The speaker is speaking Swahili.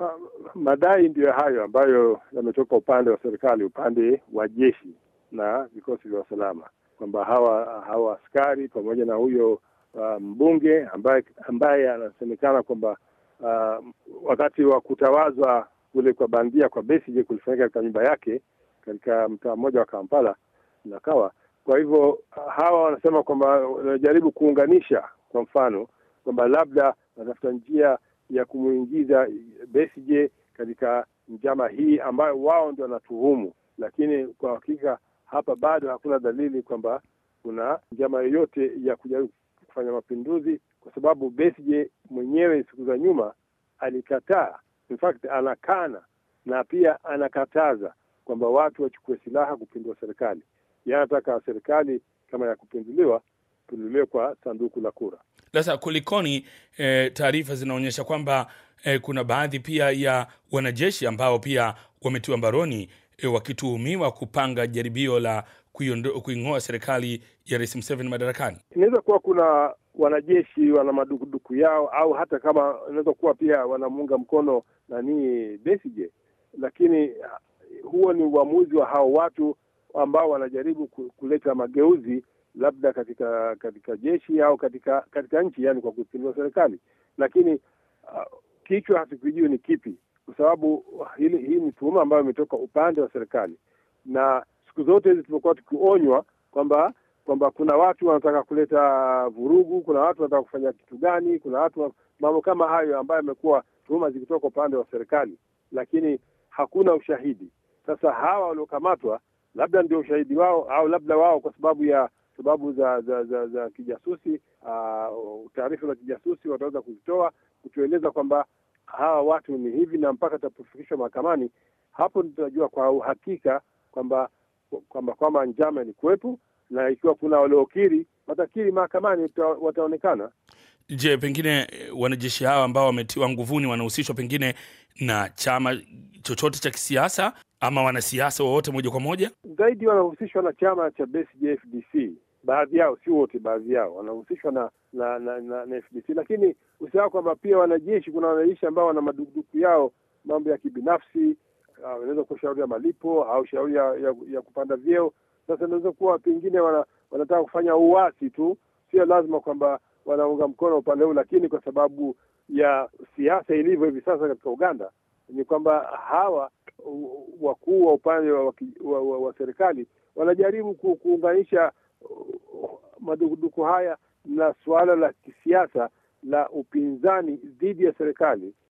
Ah, madai ndiyo hayo ambayo yametoka upande wa serikali, upande wa jeshi na vikosi vya usalama kwamba hawa hawa askari pamoja na huyo uh, mbunge ambaye ambaye anasemekana kwamba uh, wakati wa kutawazwa kule kwa bandia kwa Besigye kulifanyika katika nyumba yake katika mtaa mmoja wa Kampala nakawa. Kwa hivyo hawa wanasema kwamba wanajaribu kuunganisha, kwa mfano kwamba labda wanatafuta njia ya kumwingiza Besigye katika njama hii ambayo wao ndio wanatuhumu, lakini kwa hakika hapa bado hakuna dalili kwamba kuna njama yoyote ya kujaribu kufanya mapinduzi, kwa sababu Besigye mwenyewe siku za nyuma alikataa, in fact anakana na pia anakataza kwamba watu wachukue silaha kupindua serikali. Yeye anataka serikali kama ya kupinduliwa tulilekwa kwa sanduku la kura. Sasa kulikoni, e, taarifa zinaonyesha kwamba e, kuna baadhi pia ya wanajeshi ambao pia wametiwa mbaroni e, wakituhumiwa kupanga jaribio la kuing'oa serikali ya Rais Museveni madarakani. Inaweza kuwa kuna wanajeshi wana madukuduku yao, au hata kama inaweza kuwa pia wanamuunga mkono nanii Besigye, lakini ah, huo ni uamuzi wa hao watu ambao wanajaribu kuleta mageuzi labda katika katika jeshi au katika katika nchi, yani kwa kusimamia serikali, lakini uh, kichwa hatukijui ni kipi, kwa sababu hili hii ni tuhuma ambayo imetoka upande wa serikali, na siku zote hizi tumekuwa tukionywa kwamba kwamba kuna watu wanataka kuleta vurugu, kuna watu wanataka kufanya kitu gani, kuna watu mambo kama hayo ambayo yamekuwa tuhuma zikitoka upande wa serikali, lakini hakuna ushahidi. Sasa hawa waliokamatwa labda ndio ushahidi wao, au labda wao kwa sababu ya sababu za za za, za kijasusi uh, taarifa za kijasusi wataweza kuzitoa kutueleza kwamba hawa watu ni hivi, na mpaka tutapofikishwa mahakamani, hapo tutajua kwa uhakika kwamba kwamba kwamba njama ilikuwepo, na ikiwa kuna waliokiri watakiri mahakamani, wataonekana. Je, pengine eh, wanajeshi hawa ambao wametiwa nguvuni wanahusishwa pengine na chama chochote cha kisiasa ama wanasiasa wowote moja kwa moja? Zaidi wanahusishwa na chama cha BSJFDC baadhi yao, si wote, baadhi yao wanahusishwa na na, na, na, na FBC. lakini usisahau kwamba pia wanajeshi, kuna wanajeshi ambao wana madukuduku yao, mambo ya kibinafsi, ah, wanaweza kuwa shauri ya malipo au shauri ya, ya, ya kupanda vyeo. Sasa inaweza kuwa pengine wana, wanataka kufanya uasi tu, sio lazima kwamba wanaunga mkono upande huu, lakini kwa sababu ya siasa ilivyo hivi sasa katika Uganda ni kwamba hawa wakuu wa upande wa, wa, wa, wa serikali wanajaribu ku, kuunganisha madukuduku haya na suala la kisiasa la upinzani dhidi ya serikali